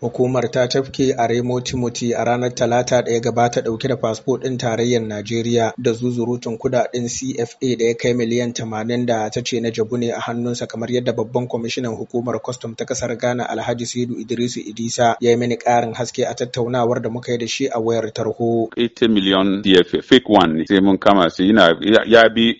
Hukumar ta tafke a remo Timothy a ranar Talata da ya gabata ɗauke da fasfo ɗin tarayyar Najeriya da zuzurutun kudaden CFA da ya kai miliyan tamanin da ta ce na jabu ne a hannunsa kamar yadda babban kwamishinan hukumar kwastam ta ƙasar Ghana Alhaji Sidu Idrisu Idisa ya yi mini ƙarin haske a tattaunawar da muka yi da shi a wayar tarho. 80 million fake one ne sai mun kama su yana bi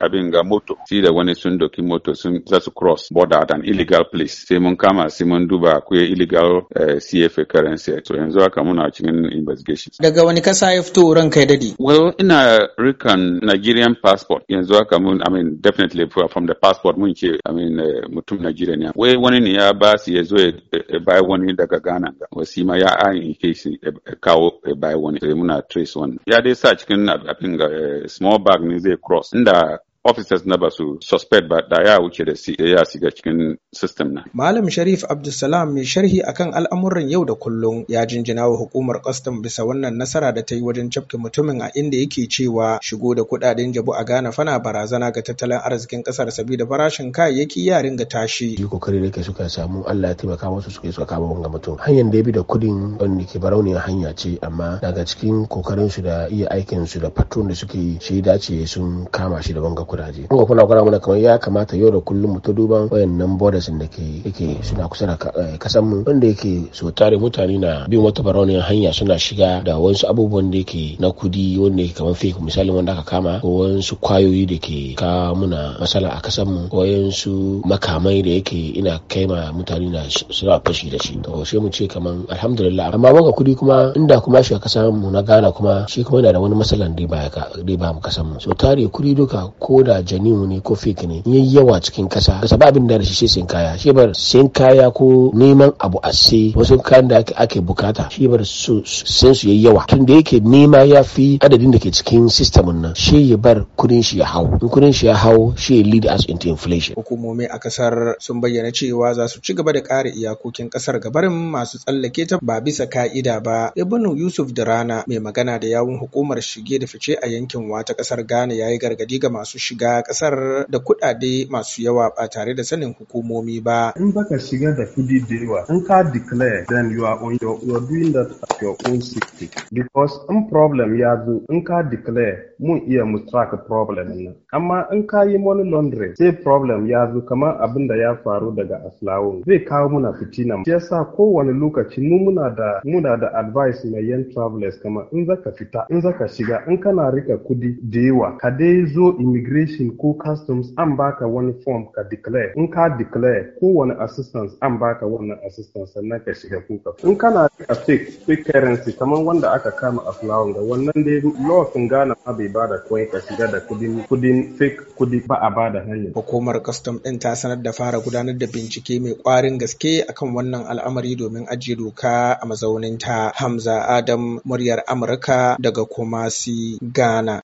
abin ga moto shi da wani sun doki moto sun za cross border at illegal place sai mun kama sai mun duba akwai illegal eh, CFA currency to yanzu haka muna cikin investigation daga wani kasa ya fito ran kai dadi well ina rikan Nigerian passport yanzu haka mun I mean definitely from the passport mun ce I mean eh, mutum Nigerian ne wai wani ne ya ba su ya zo ya bai wani daga Ghana wasi ma ya in case kawo bai wani muna trace wani ya dai sa cikin abin eh, small bag ne zai cross inda officers na basu suspect ba da ya wuce da ya shiga cikin system na. Malam Sharif Abdulsalam mai sharhi akan al'amuran yau da kullum ya jinjina wa hukumar custom bisa wannan nasara da ta yi wajen cafke mutumin a inda yake cewa shigo da kuɗaɗen jabu a Ghana fana barazana ga tattalin arzikin kasar saboda farashin kayayyaki ya ringa tashi. Yi kokari da ke suka samu Allah ya taimaka musu suke suka kama wanga mutum. Hanyar da ya bi da kudin wanda ke barauniyar hanya ce amma daga cikin kokarin su da iya aikin su da patron da suke yi shi dace sun kama shi da wanga kuraje kuma kuna gwada mana kamar ya kamata yau da kullum mu ta duban wayannan borders da ke yake suna kusa da kasan eh, mu wanda yake so tare mutane na bin wata barauniyar hanya suna shiga da wasu abubuwan da yake na kudi wanda yake kamar fake misalin wanda aka kama ko wasu kwayoyi da ke kawo muna matsala a kasan mu ko wasu makamai da yake ina kai ma mutane na suna fashi da shi to sai mu ce kamar alhamdulillah amma baka kudi kuma inda kuma shi kasan mu na Ghana kuma shi kuma yana da wani matsalan da ba mu kasan mu so tare kudi duka ko ko da janiu ne ko fake ne yin yawa cikin kasa kasa ba abin da shi sai kaya shi bar sayan kaya ko neman abu a sai wasu kayan da ake bukata shi bar su sun su yayi yawa tun da yake nema ya fi adadin da ke cikin system nan shi ya bar kudin shi ya hau in kudin shi ya hau shi ya lead us into inflation hukumomi a kasar sun bayyana cewa za su ci gaba da kare iyakokin kasar gabarin masu tsallake ta ba bisa ka'ida ba ibnu yusuf da rana mai magana da yawun hukumar shige da fice a yankin wata kasar ghana ya yi gargadi ga masu shi shiga kasar da kuɗaɗe masu yawa ba tare da sanin hukumomi ba. In baka shiga da kuɗi da yawa, in ka declare then you are on your, you are doing that at your own safety. Because in problem ya zo in ka declare mun iya mu track problem nan amma in ka yi money laundry sai problem ya zo kamar abin da ya faru daga aslawun zai kawo muna fitina shi yasa kowane lokaci mu muna da muna da advice mai yan travelers kamar in zaka fita in zaka shiga in kana rika kudi da yawa ka dai zo immigration ko customs an baka wani form ka declare in ka declare kowane assistance an baka wannan assistance sannan ka shiga kuka in kana rika fake fake currency kamar wanda aka kama aslawun da wannan dai law sun gana ma bai ba da kawai ka shiga da kudin kudin fake kudi ba a ba da hanyar. Hukumar custom ɗin ta sanar da fara gudanar da bincike mai kwarin gaske akan wannan al'amari domin ajiye doka a mazaunin ta Hamza Adam muryar Amurka daga Kumasi, Ghana.